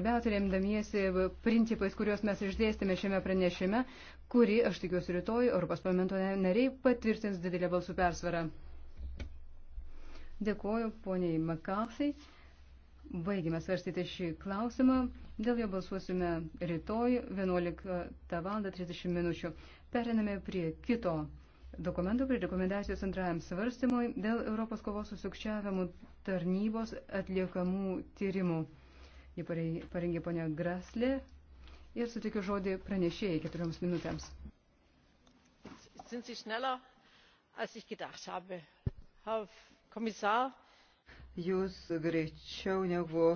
Svarbiausia, remdamiesi principais, kuriuos mes išdėstėme šiame pranešime, kurį, aš tikiuosi, rytoj Europos parlamento nariai patvirtins didelę balsų persvarą. Dėkuoju poniai McCarthy. Baigime svarstyti šį klausimą. Dėl jo balsuosime rytoj 11.30 minučių. Periname prie kito dokumento, prie rekomendacijos antrajam svarstymui dėl Europos kovos su sukčiavimu tarnybos atliekamų tyrimų jį parengė ponia Graslė ir sutikiu žodį pranešėjai keturioms minutėms. Jūs greičiau negu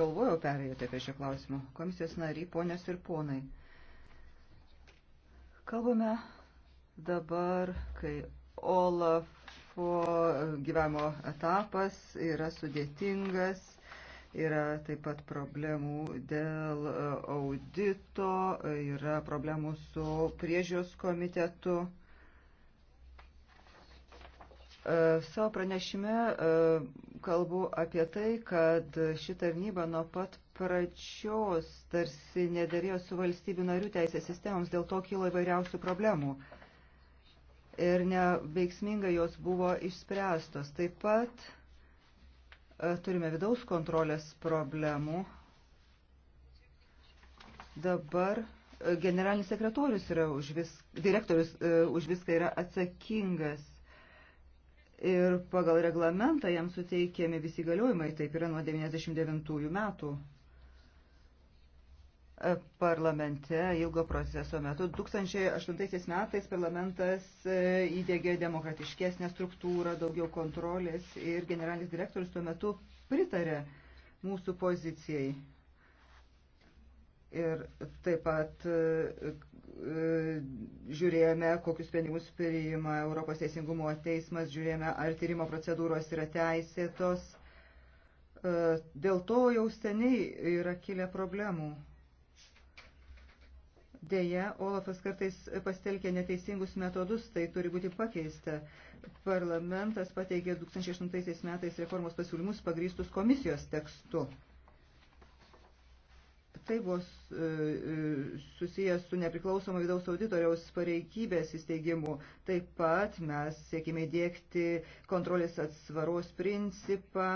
galvojau perėjote prie šio klausimo. Komisijos nariai, ponios ir ponai. Kalbame dabar, kai Olafo gyvenimo etapas yra sudėtingas Yra taip pat problemų dėl e, audito, e, yra problemų su priežiūros komitetu. E, savo pranešime kalbu apie tai, kad ši tarnyba nuo pat pradžios tarsi nedėrėjo su valstybių narių teisės sistemoms, dėl to kilo įvairiausių problemų ir neveiksmingai jos buvo išspręstos. Taip pat E, turime vidaus kontrolės problemų. Dabar e, generalinis sekretorius yra už vis, direktorius e, už viską yra atsakingas. Ir pagal reglamentą jam suteikiami visi galiojimai, taip yra nuo 99 metų parlamente ilgo proceso metu. 2008 metais parlamentas e, įdėgė demokratiškesnę struktūrą, daugiau kontrolės ir generalinis direktorius tuo metu pritarė mūsų pozicijai. Ir taip pat e, e, žiūrėjome, kokius sprendimus priima Europos Teisingumo teismas, žiūrėjome, ar tyrimo procedūros yra teisėtos. Dėl to jau seniai yra kilę problemų. Deja, Olafas kartais pastelkė neteisingus metodus, tai turi būti pakeista. Parlamentas pateikė 2008 metais reformos pasiūlymus pagrįstus komisijos tekstu. Tai buvo e, e, susijęs su nepriklausomo vidaus auditoriaus pareikybės įsteigimu. Taip pat mes siekime dėkti kontrolės atsvaros principą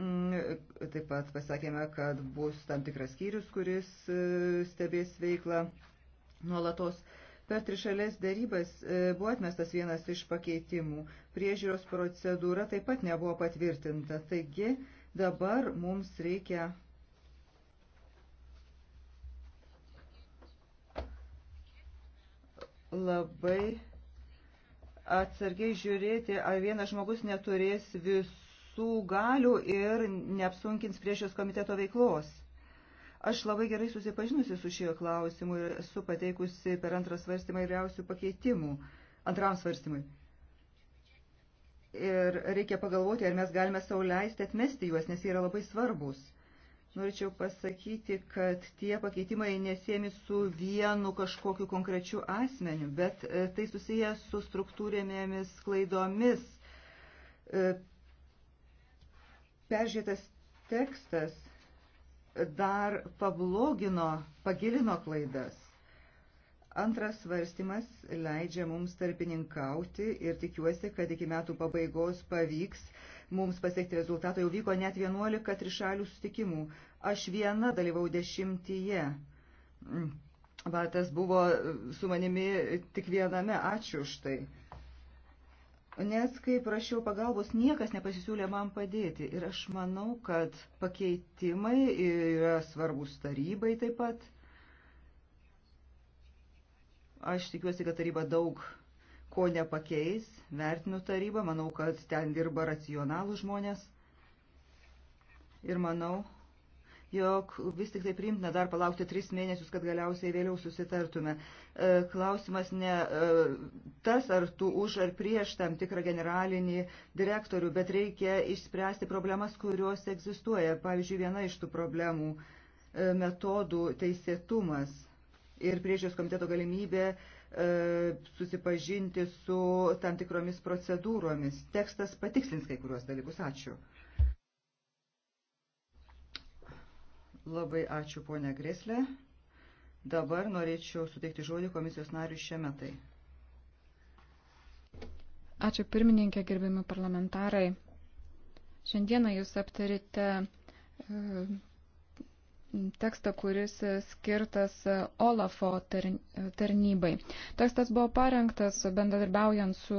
Mm, taip pat pasakėme, kad bus tam tikras skyrius, kuris e, stebės veiklą nuolatos. Per trišalės darybas e, buvo atmestas vienas iš pakeitimų. Priežiūros procedūra taip pat nebuvo patvirtinta. Taigi dabar mums reikia. labai atsargiai žiūrėti, ar vienas žmogus neturės visų visų galių ir neapsunkins priešios komiteto veiklos. Aš labai gerai susipažinusi su šio klausimu ir esu pateikusi per antrą svarstymą įvairiausių pakeitimų antram svarstymui. Ir reikia pagalvoti, ar mes galime sauliaisti atmesti juos, nes jie yra labai svarbus. Norėčiau pasakyti, kad tie pakeitimai nesiemi su vienu kažkokiu konkrečiu asmeniu, bet e, tai susiję su struktūrėmėmis klaidomis e, peržiūrėtas tekstas dar pablogino, pagilino klaidas. Antras svarstymas leidžia mums tarpininkauti ir tikiuosi, kad iki metų pabaigos pavyks mums pasiekti rezultato. Jau vyko net 11 trišalių sustikimų. Aš viena dalyvau dešimtyje. Batas mm. buvo su manimi tik viename. Ačiū už tai. Nes, kai prašiau pagalbos, niekas nepasisiūlė man padėti. Ir aš manau, kad pakeitimai yra svarbus tarybai taip pat. Aš tikiuosi, kad taryba daug ko nepakeis. Vertinu tarybą, manau, kad ten dirba racionalų žmonės. Ir manau, jog vis tik tai priimtina dar palaukti tris mėnesius, kad galiausiai vėliau susitartume. E, klausimas ne e, tas, ar tu už ar prieš tam tikrą generalinį direktorių, bet reikia išspręsti problemas, kurios egzistuoja. Pavyzdžiui, viena iš tų problemų e, - metodų teisėtumas ir priežios komiteto galimybė susipažinti su tam tikromis procedūromis. Tekstas patikslins kai kuriuos dalykus. Ačiū. Labai ačiū, ponia Greslė. Dabar norėčiau suteikti žodį komisijos nariui šiemetai. Ačiū pirmininkė, gerbiami parlamentarai. Šiandieną jūs aptarite e, tekstą, kuris skirtas Olafo tarnybai. Tekstas buvo parengtas bendradarbiaujant su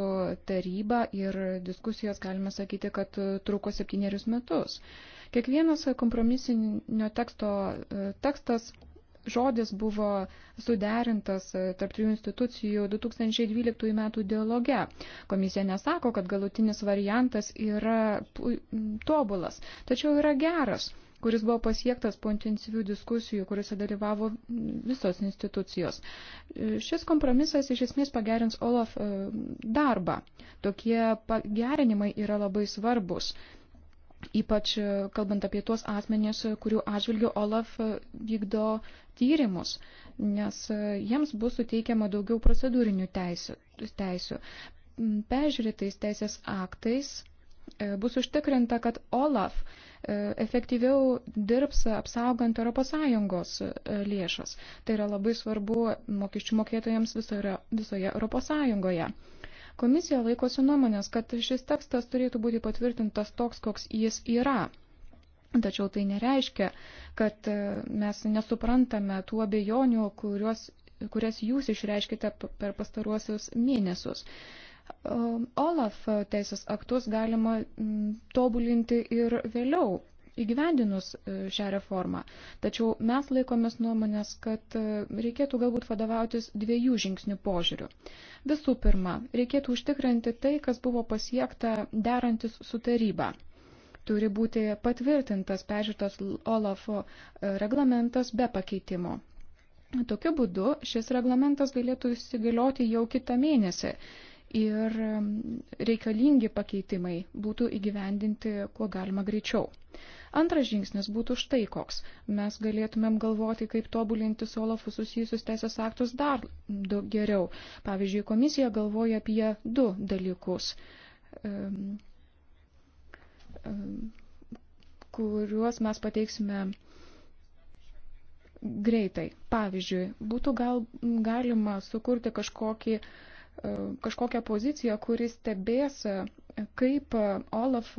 taryba ir diskusijos galime sakyti, kad truko septynerius metus. Kiekvienas kompromisinio teksto tekstas žodis buvo suderintas tarp trijų institucijų 2012 m. dialoge. Komisija nesako, kad galutinis variantas yra tobulas, tačiau yra geras kuris buvo pasiektas po intensyvių diskusijų, kuriuose dalyvavo visos institucijos. Šis kompromisas iš esmės pagerins Olaf e, darbą. Tokie pagerinimai yra labai svarbus. Ypač e, kalbant apie tuos asmenys, kurių atžvilgių Olaf e, vykdo tyrimus, nes jiems bus suteikiama daugiau procedūrinių teisių. teisių. Pežiūrėtais teisės aktais bus užtikrinta, kad Olaf E, efektyviau dirbs apsaugant ES e, lėšas. Tai yra labai svarbu mokesčių mokėtojams visoje, visoje ES. Komisija laikosi nuomonės, kad šis tekstas turėtų būti patvirtintas toks, koks jis yra. Tačiau tai nereiškia, kad e, mes nesuprantame tų abejonių, kurios, kurias jūs išreiškite per pastaruosius mėnesius. OLAF teisės aktus galima tobulinti ir vėliau įgyvendinus e, šią reformą. Tačiau mes laikomės nuomonės, kad e, reikėtų galbūt vadovautis dviejų žingsnių požiūrių. Visų pirma, reikėtų užtikrinti tai, kas buvo pasiekta derantis su taryba. Turi būti patvirtintas peržiūrtas Olafo e, reglamentas be pakeitimo. Tokiu būdu šis reglamentas galėtų įsigalioti jau kitą mėnesį ir reikalingi pakeitimai būtų įgyvendinti kuo galima greičiau. Antras žingsnis būtų štai koks. Mes galėtumėm galvoti, kaip tobulinti su Olafu susijusius teisės aktus dar du geriau. Pavyzdžiui, komisija galvoja apie du dalykus, kuriuos mes pateiksime greitai. Pavyzdžiui, būtų gal, galima sukurti kažkokį uh, kažkokią poziciją, kuris stebės, kaip Olaf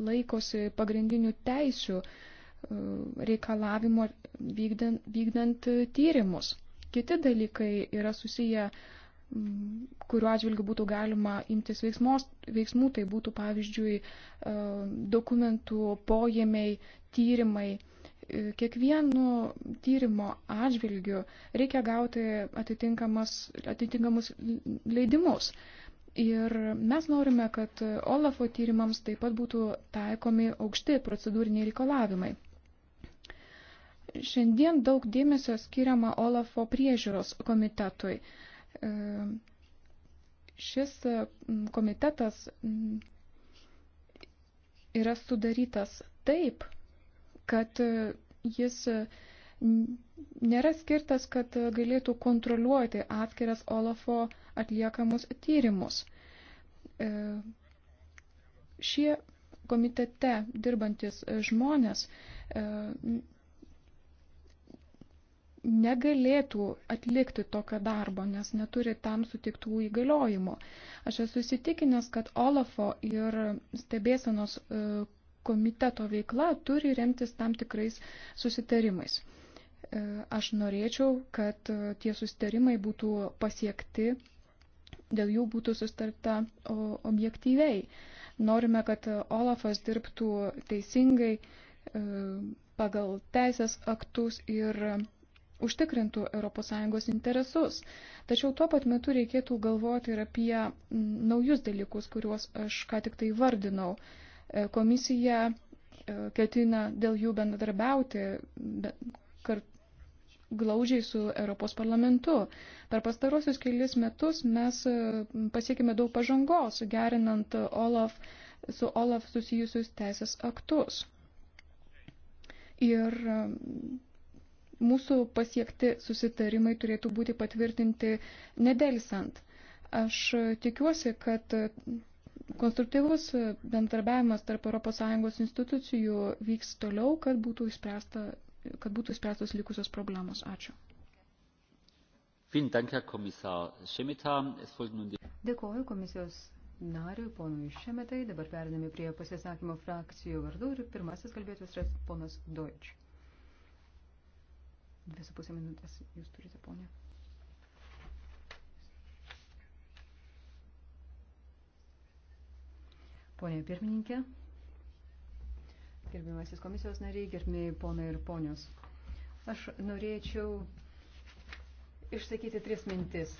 laikosi pagrindinių teisių e, reikalavimo vykdant, vykdant tyrimus. Kiti dalykai yra susiję, kuriuo atžvilgiu būtų galima imtis veiksmos, veiksmų, tai būtų pavyzdžiui e, dokumentų pojėmiai, tyrimai kiekvienu tyrimo atžvilgiu reikia gauti atitinkamus leidimus. Ir mes norime, kad Olafo tyrimams taip pat būtų taikomi aukšti procedūriniai reikalavimai. Šiandien daug dėmesio skiriama Olafo priežiūros komitetui. E, šis komitetas yra sudarytas taip, kad e, jis e, nėra skirtas, kad galėtų kontroliuoti atskiras Olafo atliekamus tyrimus. E, šie komitete dirbantis žmonės negalėtų atlikti tokio darbo, nes neturi tam sutiktų įgaliojimų. Aš esu įsitikinęs, kad Olafo ir stebėsenos komiteto veikla turi remtis tam tikrais susitarimais. E, aš norėčiau, kad e, tie susitarimai būtų pasiekti, dėl jų būtų sustarta objektyviai. Norime, kad Olafas dirbtų teisingai e, pagal teisės aktus ir užtikrintų ES interesus. Tačiau tuo pat metu reikėtų galvoti ir apie naujus dalykus, kuriuos aš ką tik tai vardinau. Komisija e, ketina dėl jų bendradarbiauti kart glaužiai su Europos parlamentu. Per pastarosius kelis metus mes e, pasiekime daug pažangos, gerinant Olaf, su Olaf susijusius teisės aktus. Ir e, mūsų pasiekti susitarimai turėtų būti patvirtinti nedelsant. Aš tikiuosi, kad konstruktyvus bendradarbiavimas tarp ES institucijų vyks toliau, kad būtų, išspręsta, kad būtų išspręstos likusios problemos. Ačiū. Dėkoju komisijos nariui, ponui Šemetai. Dabar periname prie pasisakymo frakcijų vardų ir pirmasis kalbėtojas yra ponas Deutsch. Dvi su pusė minutės jūs turite, ponė. Pone pirmininkė, gerbimasis komisijos nariai, gerbimiai ponai ir ponios. Aš norėčiau išsakyti tris mintis,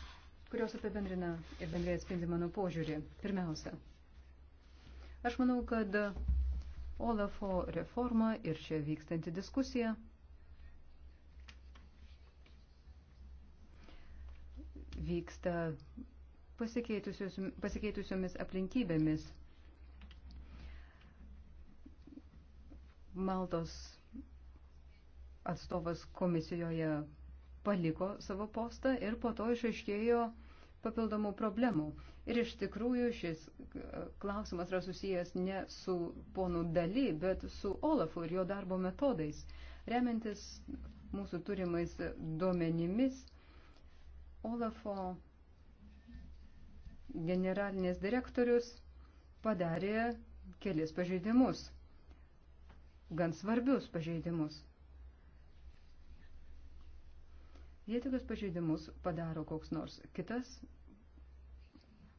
kurios apibendrina ir bendrai atspindi mano požiūrį. Pirmiausia, aš manau, kad Olafo reforma ir čia vykstanti diskusija vyksta pasikeitusiomis aplinkybėmis Maltos atstovas komisijoje paliko savo postą ir po to išaiškėjo papildomų problemų. Ir iš tikrųjų šis e, klausimas yra susijęs ne su ponu Dali, bet su Olafu ir jo darbo metodais. Remiantis mūsų turimais duomenimis, Olafo generalinis direktorius padarė kelis pažeidimus gan svarbius pažeidimus. Jei tokius pažeidimus padaro koks nors kitas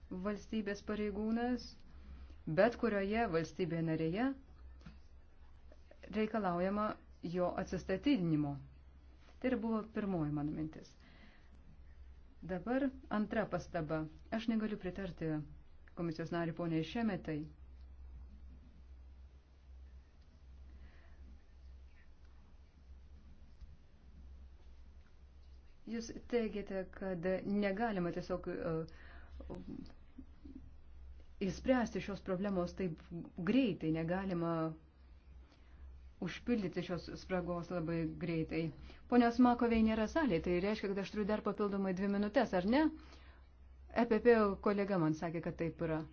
valstybės pareigūnas, bet kurioje valstybėje narėje reikalaujama jo atsistatydinimo. Tai ir buvo pirmoji mano mintis. Dabar antra pastaba. Aš negaliu pritarti komisijos nariu poniai Šemetai Jūs teigiate, kad negalima tiesiog įspręsti e, šios problemos taip greitai, negalima užpildyti šios spragos labai greitai. Ponios Makovei nėra salė, tai reiškia, kad aš turiu dar papildomai dvi minutės, ar ne? EPP kolega man sakė, kad taip yra.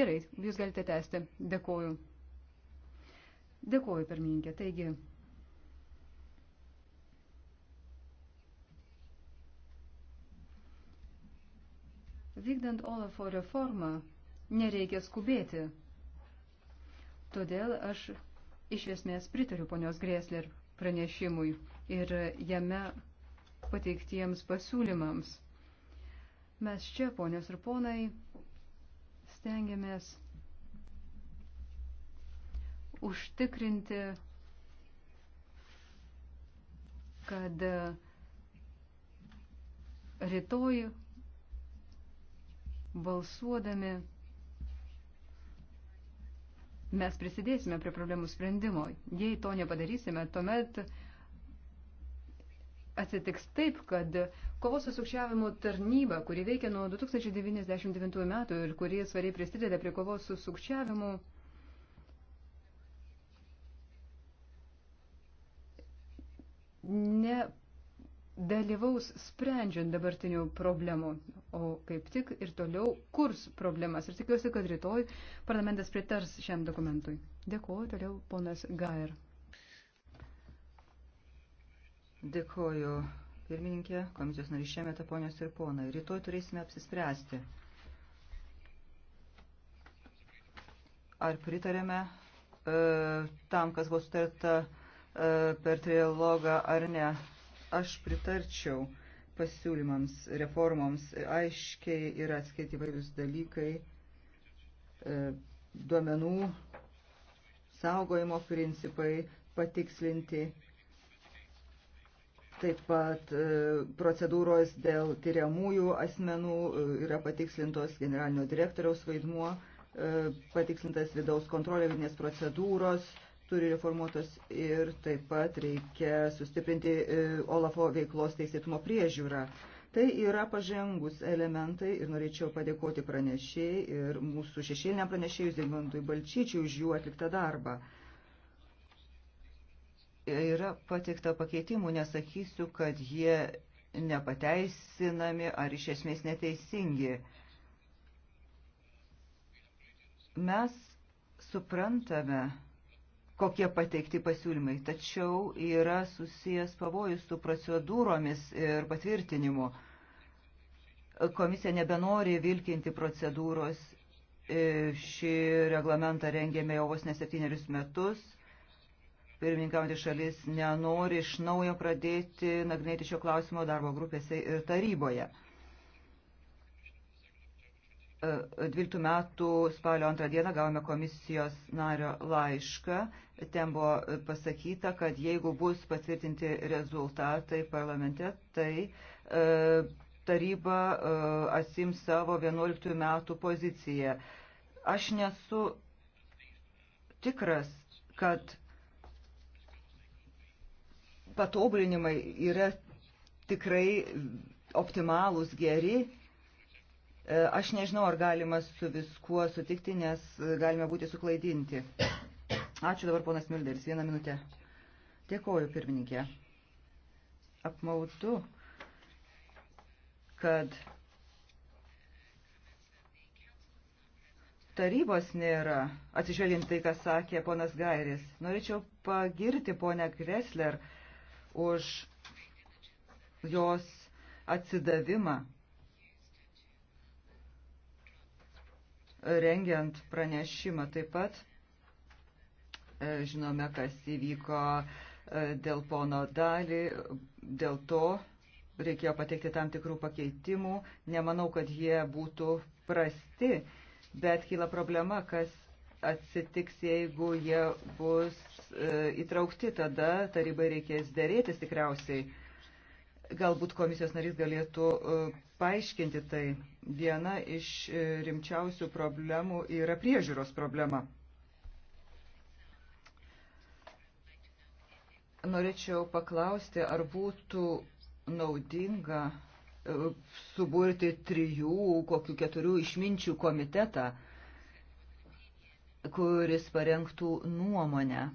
Gerai, jūs galite tęsti. Dėkoju. Dėkoju, pirmininkė. Taigi, Vykdant Olafo reformą nereikia skubėti. Todėl aš iš esmės pritariu ponios Grėsler pranešimui ir jame pateiktiems pasiūlymams. Mes čia, ponios ir ponai, stengiamės užtikrinti, kad rytoj balsuodami mes prisidėsime prie problemų sprendimo. Jei to nepadarysime, tuomet atsitiks taip, kad kovos su sukčiavimu tarnyba, kuri veikia nuo 2099 metų ir kuri svariai prisideda prie kovos su sukčiavimu, ne dalyvaus sprendžiant dabartinių problemų, o kaip tik ir toliau kurs problemas. Ir tikiuosi, kad rytoj parlamentas pritars šiam dokumentui. Dėkuoju toliau ponas Gair. Dėkuoju pirmininkė, komisijos narys šiame ponios ir ponai. Rytoj turėsime apsispręsti. Ar pritarėme e, tam, kas buvo sutarta e, per trilogą ar ne. Aš pritarčiau pasiūlymams, reformoms, aiškiai yra atskirti vairius dalykai, e, duomenų saugojimo principai patikslinti, taip pat e, procedūros dėl tyriamųjų asmenų e, yra patikslintos generalinio direktoriaus vaidmuo, patikslintas vidaus kontrolė, vidinės procedūros, turi reformuotos ir taip pat reikia sustiprinti e, Olafo veiklos teisėtumo priežiūrą. Tai yra pažengus elementai ir norėčiau padėkoti pranešėjai ir mūsų šešėliniam pranešėjus Digmantui Balčyčiui už jų atliktą darbą. Yra patikta pakeitimų, nesakysiu, kad jie nepateisinami ar iš esmės neteisingi. Mes suprantame, kokie pateikti pasiūlymai, tačiau yra susijęs pavojus su procedūromis ir patvirtinimu. Komisija nebenori vilkinti procedūros, e, šį reglamentą rengėme jau vos ne septynerius metus. Pirmininkauti šalis nenori iš naujo pradėti nagrinėti šio klausimo darbo grupėse ir taryboje. 12 metų spalio 2 dieną gavome komisijos nario laišką. Ten buvo pasakyta, kad jeigu bus patvirtinti rezultatai parlamente, tai e, taryba e, asims savo 11 metų poziciją. Aš nesu tikras, kad patobulinimai yra tikrai optimalūs, geri E, aš nežinau, ar galima su viskuo sutikti, nes galime būti suklaidinti. Ačiū dabar, ponas Milderis, vieną minutę. Dėkoju, pirmininkė. Apmautu, kad tarybos nėra, atsižvelgiant tai, ką sakė ponas Gairis. Norėčiau pagirti ponę Kresler už jos atsidavimą rengiant pranešimą. Taip pat e, žinome, kas įvyko e, dėl pono dalį, dėl to reikėjo pateikti tam tikrų pakeitimų. Nemanau, kad jie būtų prasti, bet kyla problema, kas atsitiks, jeigu jie bus e, įtraukti, tada tarybai reikės dėrėtis tikriausiai. Galbūt komisijos narys galėtų e, paaiškinti tai. Viena iš e, rimčiausių problemų yra priežiūros problema. Norėčiau paklausti, ar būtų naudinga e, suburti trijų, kokių keturių išminčių komitetą, kuris parengtų nuomonę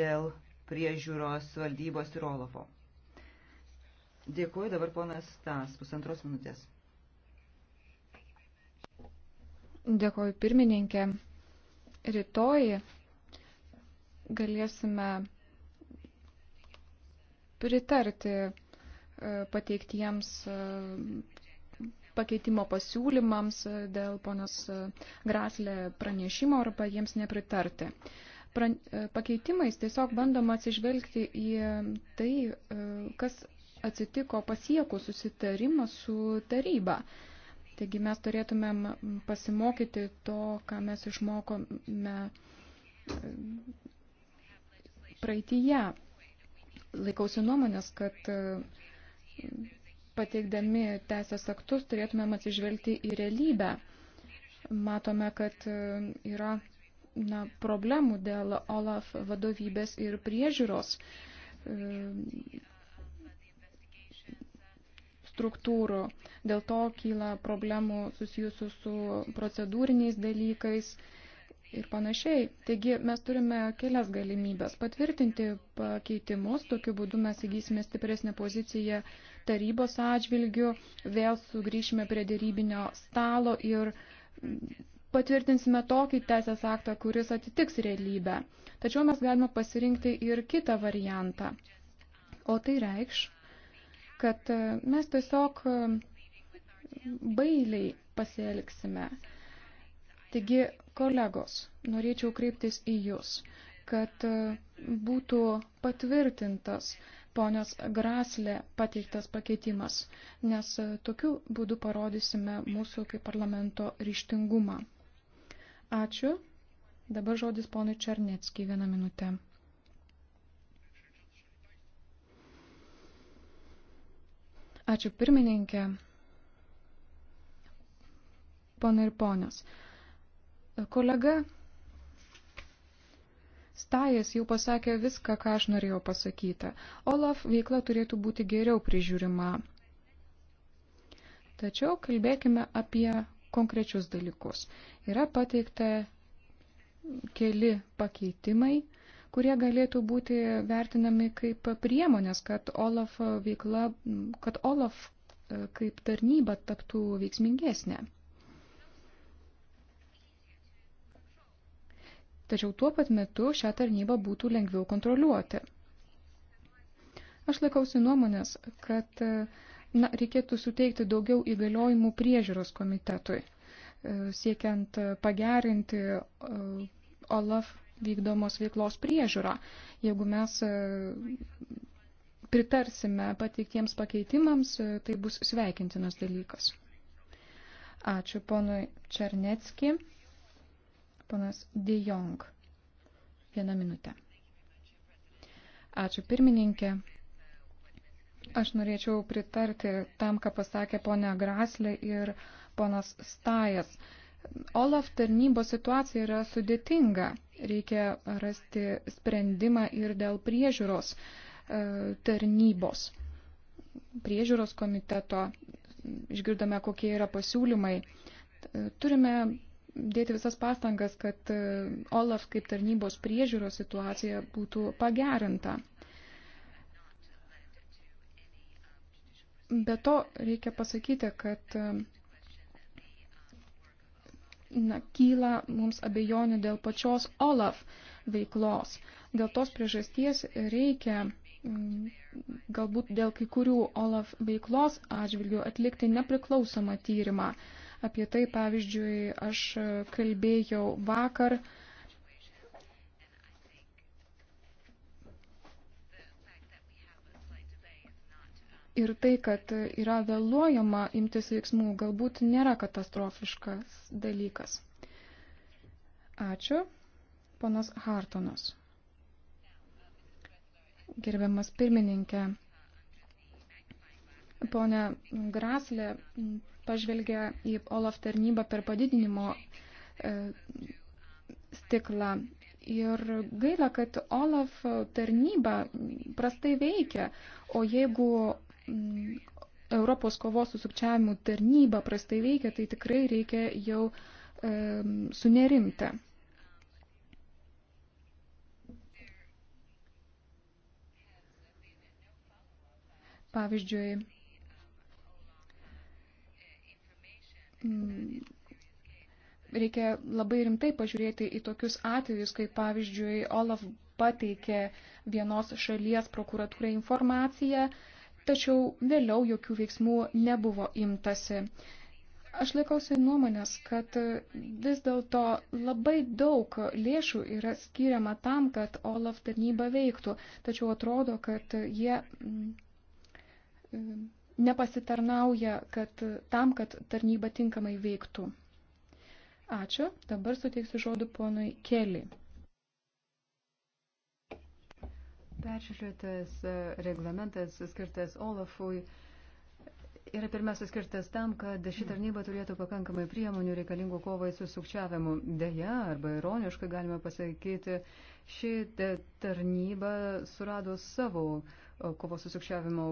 dėl priežiūros valdybos ir Olovo. Dėkuoju dabar ponas Tas, pusantros minutės. Dėkuoju pirmininkė. Rytoj galėsime pritarti e, pateiktiems e, pakeitimo pasiūlymams e, dėl ponios Graslė pranešimo arba jiems nepritarti. Pakeitimais tiesiog bandoma atsižvelgti į tai, kas atsitiko pasiekus susitarimą su taryba. Taigi mes turėtumėm pasimokyti to, ką mes išmokome e, praeitįje. Laikausi nuomonės, kad e, pateikdami teisės aktus turėtumėm atsižvelgti į realybę. Matome, kad e, yra na, problemų dėl OLAF vadovybės ir priežiūros struktūrų. Dėl to kyla problemų susijusių su procedūriniais dalykais ir panašiai. Taigi mes turime kelias galimybės patvirtinti pakeitimus, tokiu būdu mes įgysime stipresnę poziciją tarybos atžvilgių, vėl sugrįšime prie dėrybinio stalo ir patvirtinsime tokį teisės aktą, kuris atitiks realybę. Tačiau mes galime pasirinkti ir kitą variantą. O tai reikš, kad e, mes tiesiog e, bailiai pasielgsime. Taigi, kolegos, norėčiau kreiptis į Jūs, kad e, būtų patvirtintas ponios Graslė pateiktas pakeitimas, nes tokiu būdu parodysime mūsų kaip parlamento ryštingumą. Ačiū. Dabar žodis ponui Černeckiai vieną minutę. Ačiū pirmininkė. Pana ir ponios. Kolega Stajas jau pasakė viską, ką aš norėjau pasakyti. Olaf veikla turėtų būti geriau prižiūrima. Tačiau kalbėkime apie konkrečius dalykus. Yra pateikta keli pakeitimai kurie galėtų būti vertinami kaip priemonės, kad OLAF veikla, kad OLAF e, kaip tarnyba taptų veiksmingesnė. Tačiau tuo pat metu šią tarnybą būtų lengviau kontroliuoti. Aš laikausi nuomonės, kad e, na, reikėtų suteikti daugiau įgaliojimų priežiūros komitetui, e, siekiant pagerinti OLAF vykdomos veiklos priežiūrą. Jeigu mes e, pritarsime pateiktiems pakeitimams, e, tai bus sveikintinas dalykas. Ačiū ponui Černecki. Ponas Dejong. Vieną minutę. Ačiū pirmininkė. Aš norėčiau pritarti tam, ką pasakė ponia Graslė ir ponas Stajas. Olaf tarnybos situacija yra sudėtinga. Reikia rasti sprendimą ir dėl priežiūros e, tarnybos, priežiūros komiteto. Išgirdome, kokie yra pasiūlymai. E, turime dėti visas pastangas, kad e, Olaf kaip tarnybos priežiūros situacija būtų pagerinta. Be to reikia pasakyti, kad na, kyla mums abejonių dėl pačios OLAF veiklos. Dėl tos priežasties reikia mm, galbūt dėl kai kurių OLAF veiklos atžvilgių atlikti nepriklausomą tyrimą. Apie tai, pavyzdžiui, aš kalbėjau vakar ir tai, kad yra vėluojama imtis veiksmų, galbūt nėra katastrofiškas dalykas. Ačiū, ponas Hartonas. Gerbiamas pirmininkė, ponė Graslė pažvelgia į Olaf tarnybą per padidinimo e, stiklą. Ir gaila, kad Olaf tarnyba prastai veikia, o jeigu Mm, Europos kovos su sukčiavimu tarnyba prastai veikia, tai tikrai reikia jau e, sunerimti. Pavyzdžiui, mm, reikia labai rimtai pažiūrėti į tokius atvejus, kaip pavyzdžiui, Olaf pateikė vienos šalies prokuratūrai informaciją tačiau vėliau jokių veiksmų nebuvo imtasi. Aš laikausi nuomonės, kad vis dėlto labai daug lėšų yra skiriama tam, kad OLAF tarnyba veiktų, tačiau atrodo, kad jie mm, nepasitarnauja kad, tam, kad tarnyba tinkamai veiktų. Ačiū. Dabar suteiksiu žodį ponui Keli. peržiūrėtas e, reglamentas skirtas Olafui yra pirmiausia skirtas tam, kad ši tarnyba turėtų pakankamai priemonių reikalingų kovai su sukčiavimu. Deja, arba ironiškai galime pasakyti, ši tarnyba surado savo e, kovos su sukčiavimo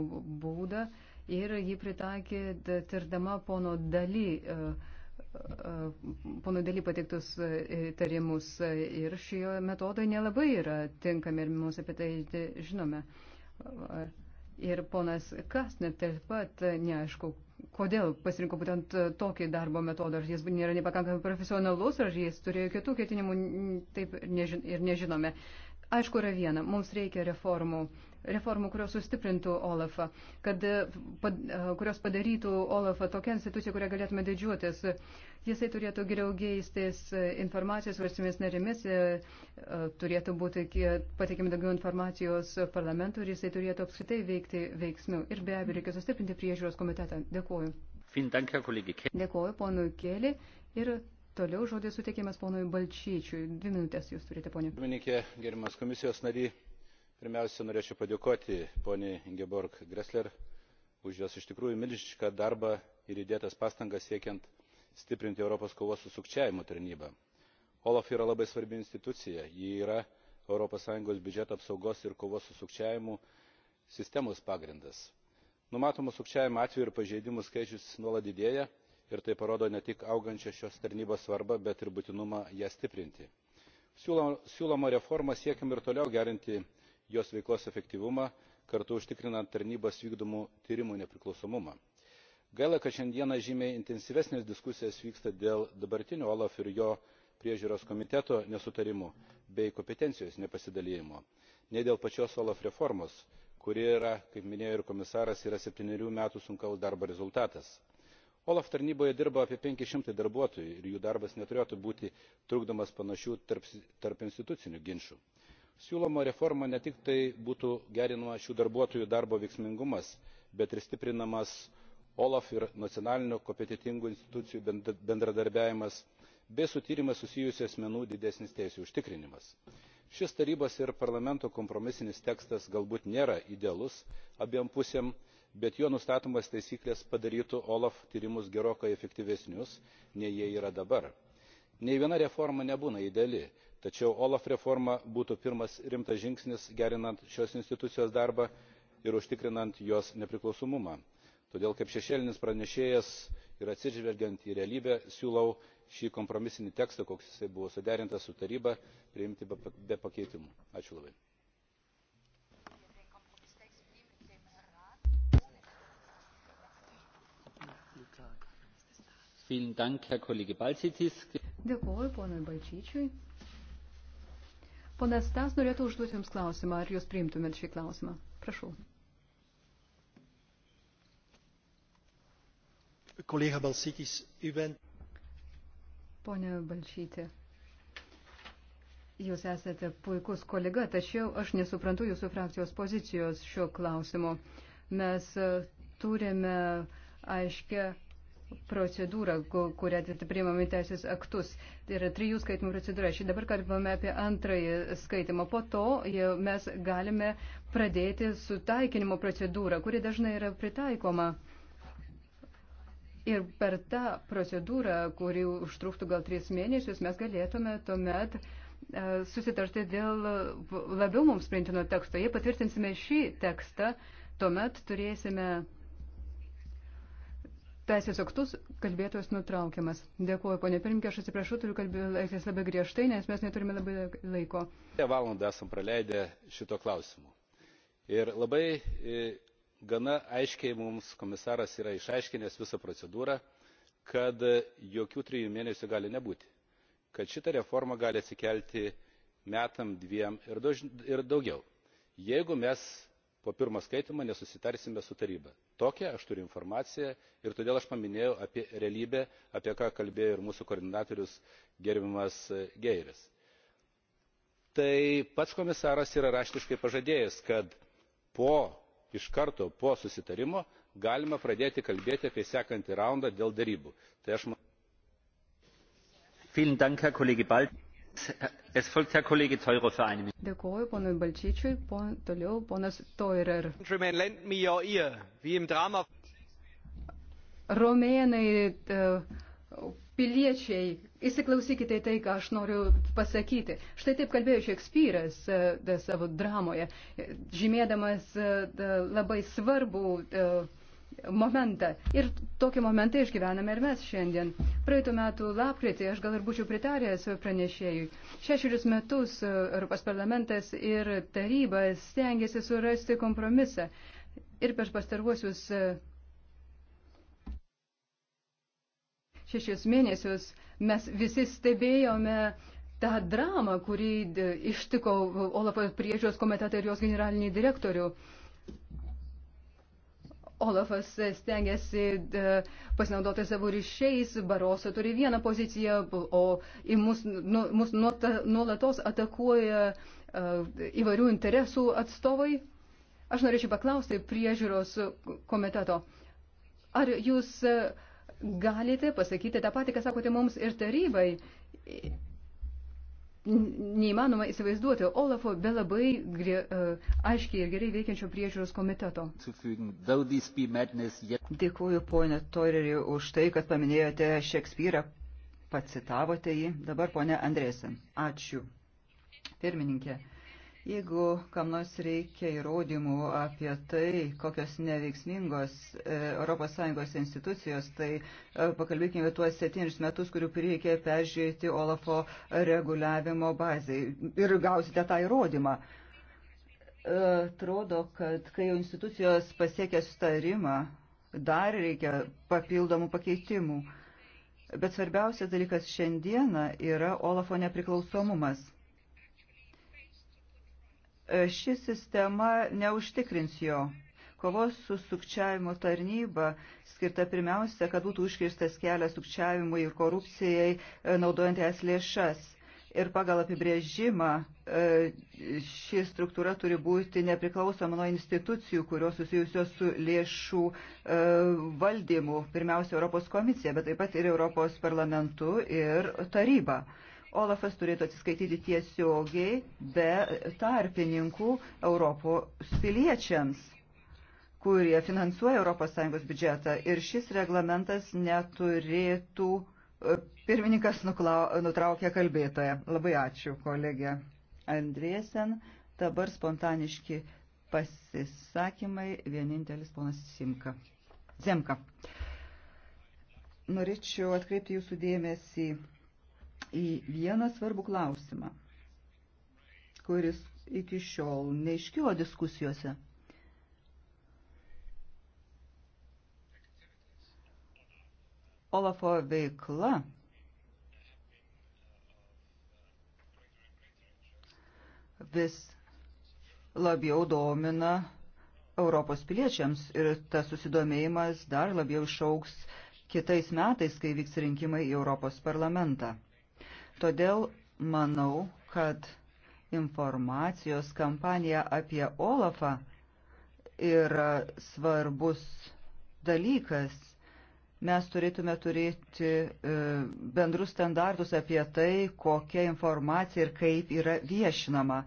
būdą ir jį pritaikė tirdama pono daly. Uh, e, E, pono daly patiktus e, tarimus ir šio metodai nelabai yra tinkami ir mums apie tai žinome. Ir ponas Kasnet taip pat neaišku, kodėl pasirinko būtent tokį darbo metodą, ar jis nėra nepakankamai profesionalus, ar jis turėjo kitų ketinimų, taip nežin, ir nežinome. Aišku, yra viena, mums reikia reformų reformų, kurios sustiprintų Olafą, kad, e, pad, e, kurios padarytų Olafą tokią instituciją, kurią galėtume didžiuotis. Jisai turėtų geriau keistis e, informacijos valstybės narėmis, turėtų būti patikimi daugiau informacijos parlamentų ir jisai turėtų apskritai veikti veiksmių. Ir be abejo, reikia sustiprinti priežiūros komitetą. Dėkuoju. Dėkuoju ponui Kėlį ir toliau žodis suteikiamas ponui Balčyčiui. Dvi minutės jūs turite, ponė. Pirmininkė, gerimas komisijos nariai pirmiausia norėčiau padėkoti poniai ingeborg grle už jos iš tikrųjų milžinišką darbą ir įdėtas pastangas siekiant stiprinti europos kovos su sukčiavimu tarnybą. olaf yra labai svarbi institucija ji yra europos sąjungos biudžeto apsaugos ir kovos su sukčiavimu sistemos pagrindas. numatomų sukčiavimo atvejų ir pažeidimų skaičius nuolat didėja ir tai parodo ne tik augančią šios tarnybos svarbą bet ir būtinumą ją stiprinti. siūloma reforma siekiama ir toliau gerinti jos veiklos efektyvumą kartu užtikrinant tarnybos vykdomų tyrimų nepriklausomumą. gaila kad šiandieną žymiai intensyvesnės diskusijos vyksta dėl dabartinio olaf ir jo priežiūros komiteto nesutarimų bei kompetencijos nepasidalijimo nei dėl pačios olaf reformos kuri yra kaip minėjo ir komisaras septynerių metų sunkaus darbo rezultatas. olaf tarnyboje dirba apie penki šimtai darbuotojų ir jų darbas neturėtų būti trukdomas panašių tarpinstitucinių ginčų siūloma reforma ne tik tai būtų gerinamas šių darbuotojų darbo veiksmingumas bet ir stiprinamas olaf ir nacionalinių kompetentingų institucijų bendradarbiavimas bei su tyrimais susijusių asmenų didesnis teisių užtikrinimas. šis tarybos ir parlamento kompromisinis tekstas galbūt nėra idealus abiem pusėm bet juo nustatomos taisyklės padarytų olaf tyrimus gerokai efektyvesnius nei jie yra dabar. nė viena reforma nebūna ideali tačiau olaf reforma būtų pirmas rimtas žingsnis gerinant šios institucijos darbą ir užtikrinant jos nepriklausomumą. todėl kaip šešėlinis pranešėjas ir atsižvelgiant į realybę siūlau šį kompromisinį tekstą koks jisai buvo suderintas su taryba priimti be pakeitimų. ačiū labai. Dėkuoju ponui Balčyčiui. Ponas Tas norėtų užduoti Jums klausimą. Ar Jūs priimtumėt šį klausimą? Prašau. Kolega Balsytis, Uben. Pone Balšytė, Jūs esate puikus kolega, tačiau aš nesuprantu Jūsų frakcijos pozicijos šio klausimo. Mes e, turime aiškę procedūrą, kurią priimami teisės aktus. Tai yra trijų skaitimų procedūra. Šį dabar kalbame apie antrąjį skaitimą. Po to mes galime pradėti sutaikinimo procedūrą, kuri dažnai yra pritaikoma. Ir per tą procedūrą, kuri užtruktų gal tris mėnesius, mes galėtume tuomet e, susitarti dėl labiau mums sprintino teksto. Jei patvirtinsime šį tekstą, tuomet turėsime teisės aktus, kalbėtojas nutraukiamas. Dėkuoju, ponė pirmininkė, aš atsiprašau, turiu kalbėtis labai griežtai, nes mes neturime labai laiko. Valandą esam praleidę šito klausimu. Ir labai e, gana aiškiai mums komisaras yra išaiškinęs visą procedūrą, kad jokių trijų mėnesių gali nebūti. Kad šita reforma gali atsikelti metam, dviem ir daugiau. Jeigu mes po pirmo skaitimo nesusitarsime su taryba tokią aš turiu informaciją ir todėl aš paminėjau apie realybę apie ką kalbėjo ir mūsų koordinatorius gerbiamas e, geiris. tai pats komisaras yra raštiškai pažadėjęs kad iš karto po susitarimo galima pradėti kalbėti apie sekantį raundą dėl derybų. Tai Dėkuoju ponui Balčyčiui, pon, toliau ponas Toirer. Romėnai piliečiai, įsiklausykite į tai, ką aš noriu pasakyti. Štai taip kalbėjo Šekspyras e, savo dramoje, žymėdamas e, da, labai svarbų da, e, momentą. Ir tokį momentą išgyvename ir mes šiandien. Praeitų metų lapkritį aš gal ir būčiau pritaręs pranešėjui. Šešerius metus Europos parlamentas ir taryba stengiasi surasti kompromisą. Ir per pastaruosius e, šešius mėnesius mes visi stebėjome tą dramą, kurį ištiko Olafo priežiūros komitetą ir jos generalinį direktorių. Olafas stengiasi e, pasinaudoti savo ryšiais, Baroso turi vieną poziciją, o mus, nu, mus nuolatos atakuoja e, įvairių interesų atstovai. Aš norėčiau paklausti priežiūros komiteto, ar jūs galite pasakyti tą patį, ką sakote mums ir tarybai? neįmanoma įsivaizduoti Olafo be labai grė, uh, e, aiškiai ir gerai veikiančio priežiūros komiteto. Dėkuoju, ponė Torerį, už tai, kad paminėjote Šekspyrą, pacitavote jį. Dabar, ponė Andrėsen, ačiū. Pirmininkė. Uh, Jeigu kam nors reikia įrodymų apie tai, kokios neveiksmingos e, ES institucijos, tai e, pakalbėkime tuos septynius metus, kurių prireikė peržiūrėti Olafo reguliavimo bazai ir gausite tą įrodymą e, atrodo, kad kai jau institucijos pasiekia sustarimą, dar reikia papildomų pakeitimų. Bet svarbiausias dalykas šiandieną yra Olafo nepriklausomumas. E, ši sistema neužtikrins jo. Kovos su sukčiavimo tarnyba skirta pirmiausia, kad būtų užkirstas kelias sukčiavimui ir korupcijai e, naudojant es lėšas. Ir pagal apibrėžimą e, ši struktūra turi būti nepriklausoma nuo institucijų, kurios susijusios su lėšų valdymu, pirmiausia Europos komisija, bet taip pat ir Europos parlamentu ir taryba. Olafas turėtų atsiskaityti tiesiogiai be tarpininkų Europos piliečiams kurie finansuoja ES biudžetą ir šis reglamentas neturėtų, e, pirmininkas nuklau, nutraukė kalbėtoją. Labai ačiū, kolegė Andriesen. Dabar spontaniški pasisakymai, vienintelis ponas Simka. Zemka. Norėčiau atkreipti jūsų dėmesį į vieną svarbų klausimą, kuris iki šiol neiškilo diskusijose. Olafo veikla vis labiau domina Europos piliečiams ir tas susidomėjimas dar labiau išauks kitais metais, kai vyks rinkimai į Europos parlamentą. Todėl manau, kad informacijos kampanija apie Olafą yra svarbus dalykas. Mes turėtume turėti e, bendrus standartus apie tai, kokia informacija ir kaip yra viešinama,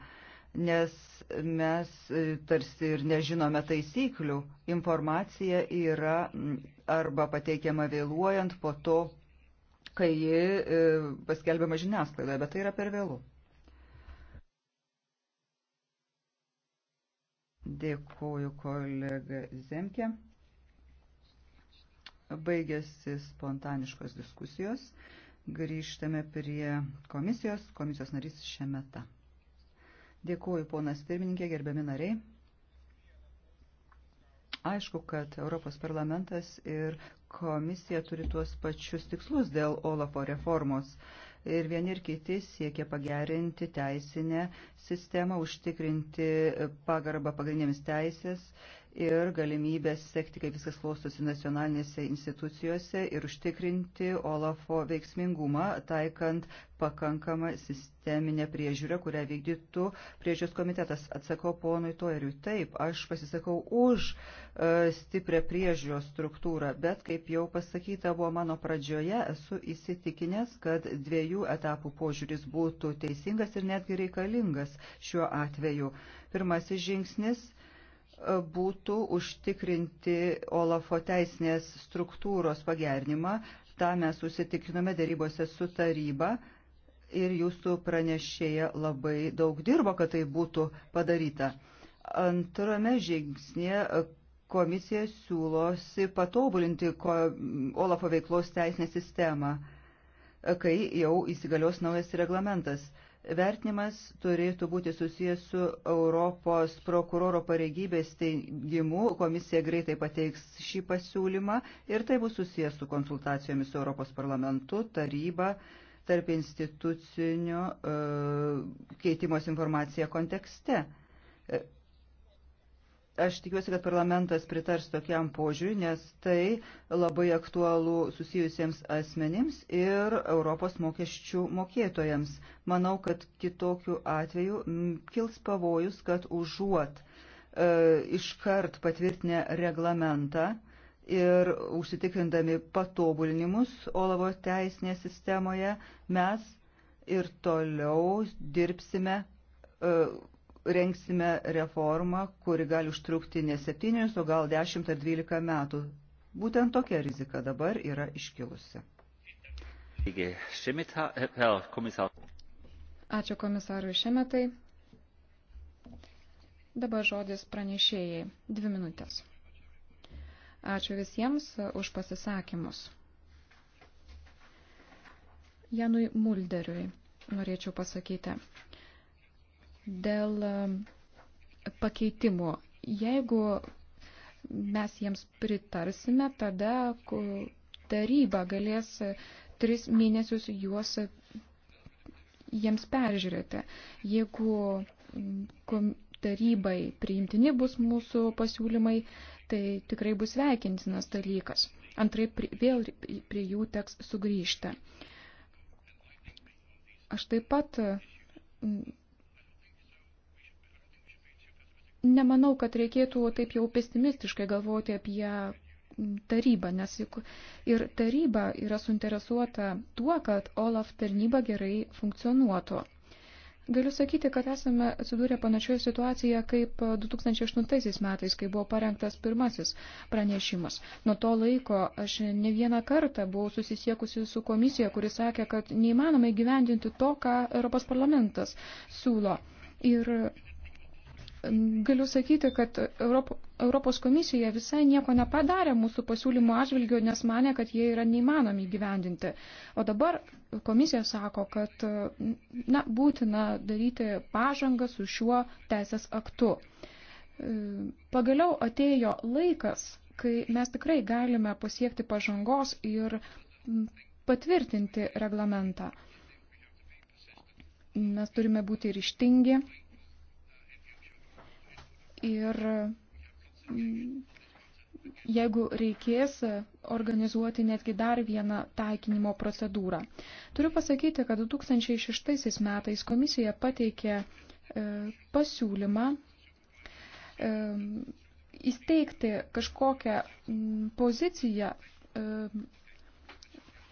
nes mes e, tarsi ir nežinome taisyklių. Informacija yra arba pateikiama vėluojant, po to kai ji e, paskelbiama žiniasklaidoje, bet tai yra per vėlų. Dėkuoju kolega Zemke. Baigėsi spontaniškos diskusijos. Grįžtame prie komisijos, komisijos narys Šemeta. Dėkuoju ponas pirmininkė, gerbiami nariai. Aišku, kad Europos parlamentas ir komisija turi tuos pačius tikslus dėl Olafo reformos. Ir vieni ir kiti siekia pagerinti teisinę sistemą, užtikrinti pagarbą pagrindinėms teisės ir galimybės sekti, kaip viskas klostosi nacionalinėse institucijose ir užtikrinti Olafo veiksmingumą, taikant pakankamą sisteminę priežiūrę, kurią vykdytų priežiūros komitetas. Atsakau ponui Toeriui, taip, aš pasisakau už e, stiprią priežiūros struktūrą, bet kaip jau pasakyta buvo mano pradžioje, esu įsitikinęs, kad dviejų etapų požiūris būtų teisingas ir netgi reikalingas šiuo atveju. Pirmasis žingsnis būtų užtikrinti Olafo teisinės struktūros pagernimą. Ta mes susitikrinome darybose su taryba ir jūsų pranešėja labai daug dirbo, kad tai būtų padaryta. Antrame žingsnėje komisija siūlosi patobulinti Olafo veiklos teisinę sistemą, kai jau įsigalios naujas reglamentas. Vertinimas turėtų būti susijęs su Europos prokuroro pareigybės teigimu. Komisija greitai pateiks šį pasiūlymą ir tai bus susijęs su konsultacijomis su Europos parlamentu, taryba, tarp institucinio e, keitimos informacija kontekste. E, Aš tikiuosi, kad parlamentas pritars tokiam požiūriui, nes tai labai aktualu susijusiems asmenims ir Europos mokesčių mokėtojams. Manau, kad kitokiu atveju kils pavojus, kad užuot e, iškart patvirtinę reglamentą ir užsitikrindami patobulinimus Olavo teisinėje sistemoje, mes ir toliau dirbsime. E, rengsime reformą, kuri gali užtrukti ne septynius, o gal dešimt ar dvylika metų. Būtent tokia rizika dabar yra iškilusi. Ačiū komisarui Šemetai. Dabar žodis pranešėjai. Dvi minutės. Ačiū visiems už pasisakymus. Janui Mulderiui norėčiau pasakyti, dėl e, pakeitimų. Jeigu mes jiems pritarsime, tada taryba galės e, tris mėnesius juos e, jiems peržiūrėti. Jeigu tarybai priimtini bus mūsų pasiūlymai, tai tikrai bus veikintinas dalykas. Antrai, vėl prie jų teks sugrįžti. Aš taip pat nemanau, kad reikėtų taip jau pesimistiškai galvoti apie tarybą, nes juk ir taryba yra suinteresuota tuo, kad OLAF tarnyba gerai funkcionuotų. Galiu sakyti, kad esame atsidūrę panašioje situacijoje kaip 2008 metais, kai buvo parengtas pirmasis pranešimas. Nuo to laiko aš ne vieną kartą buvau susisiekusi su komisija, kuri sakė, kad neįmanoma įgyvendinti to, ką Europos parlamentas siūlo. Ir Galiu sakyti, kad Europos komisija visai nieko nepadarė mūsų pasiūlymų atžvilgių, nes mane, kad jie yra neįmanomi gyvendinti. O dabar komisija sako, kad na, būtina daryti pažangą su šiuo teisės aktu. Pagaliau atėjo laikas, kai mes tikrai galime pasiekti pažangos ir patvirtinti reglamentą. Mes turime būti ryštingi ir mm, jeigu reikės organizuoti netgi dar vieną taikinimo procedūrą. Turiu pasakyti, kad 2006 metais komisija pateikė e, pasiūlymą e, įsteigti kažkokią mm, poziciją e,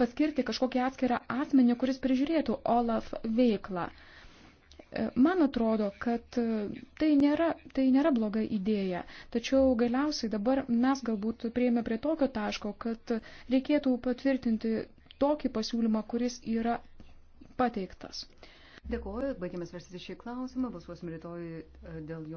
paskirti kažkokį atskirą asmenį, kuris prižiūrėtų Olaf veiklą. Man atrodo, kad e, tai nėra, tai nėra bloga idėja, tačiau galiausiai dabar mes galbūt prieime prie tokio taško, kad reikėtų patvirtinti tokį pasiūlymą, kuris yra pateiktas. Dėkuoju, baigėme svarstyti šį klausimą, balsuosime rytoj e, dėl jo.